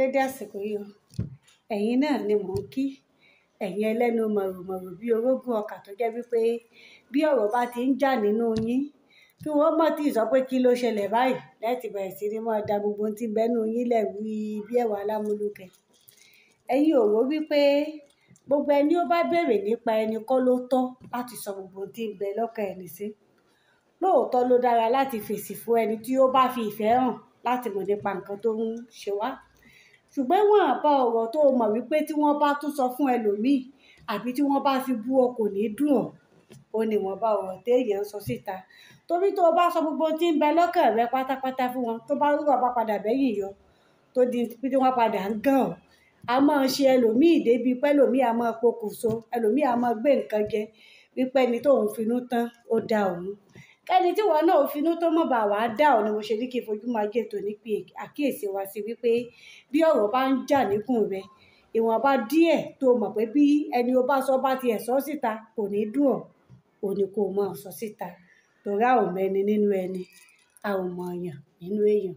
dédé àsìkò yìí o ẹ̀yin náà ni mò ń kí ẹ̀yin ẹlẹ́nu mọ̀rùmọ̀rù bíi orógùn ọkà tó jẹ́ wípé bí ọ̀rọ̀ bá ti ń jà nínú yín kí wọ́n mọ̀ tí ì sọ pé kí ló ṣẹlẹ̀ báyìí láti bẹ̀rẹ̀ sí ni máa da gbogbo ohun tí ń bẹ́nu yín lẹ̀ wí bí ẹ̀wà alámúlùkẹ́ ẹ̀yin ò wò wípé gbogbo ẹni ó bá béèrè nípa ẹni kọ́ ló tọ́ láti sọ gbogbo ohun tí ń bẹ lọ́kàn ẹni sí lóòótọ́ ló dára láti fèsì fún ẹni tí ó bá fi ìfẹ́ hàn láti mọ̀ nípa nǹkan tó ń ṣe wá ṣùgbọ́n ìwọ̀n àbá ọ̀rọ̀ tó mọ̀ wípé tí wọ́n bá tún sọ fún ẹlòmíì àbí tí wọ́n bá fi bú ọ ní dùn ọ́ ó ní wọ́n bá ọ̀rọ̀ téèyàn sọ síta torí tó o bá sọ gbogbo tí ń bẹ lọ́kàn rẹ pátápátá fún wọn tó bá rúbọ̀ bá padà bẹ́yìn yọ tó di pé wọ́n padà ń gàn ọ́ a máa ṣe ẹlòmíì débi pé ẹlòmíì a máa pokùnso ẹlòmíì a máa gbé nǹkan jẹ wípé ẹni tóun finú tán ó da òun kẹ́ni tí wọn náà finú tó mọ̀ bá wàá dà ọ́ ni mo ṣe ní kí n fojú máa gé tòní pé àkíyèsí wa sí wípé bí ọ̀rọ̀ bá ń jà níkùn rẹ ìwọ̀nba díẹ̀ tó mọ̀ pé bí ẹni o bá sọ bá tiẹ̀ sọ síta kò ní dùn ọ́ ò ní kó o máa sọ síta torí a ò mọ ẹni nínú ẹni a ò èèyàn nínú èèyàn.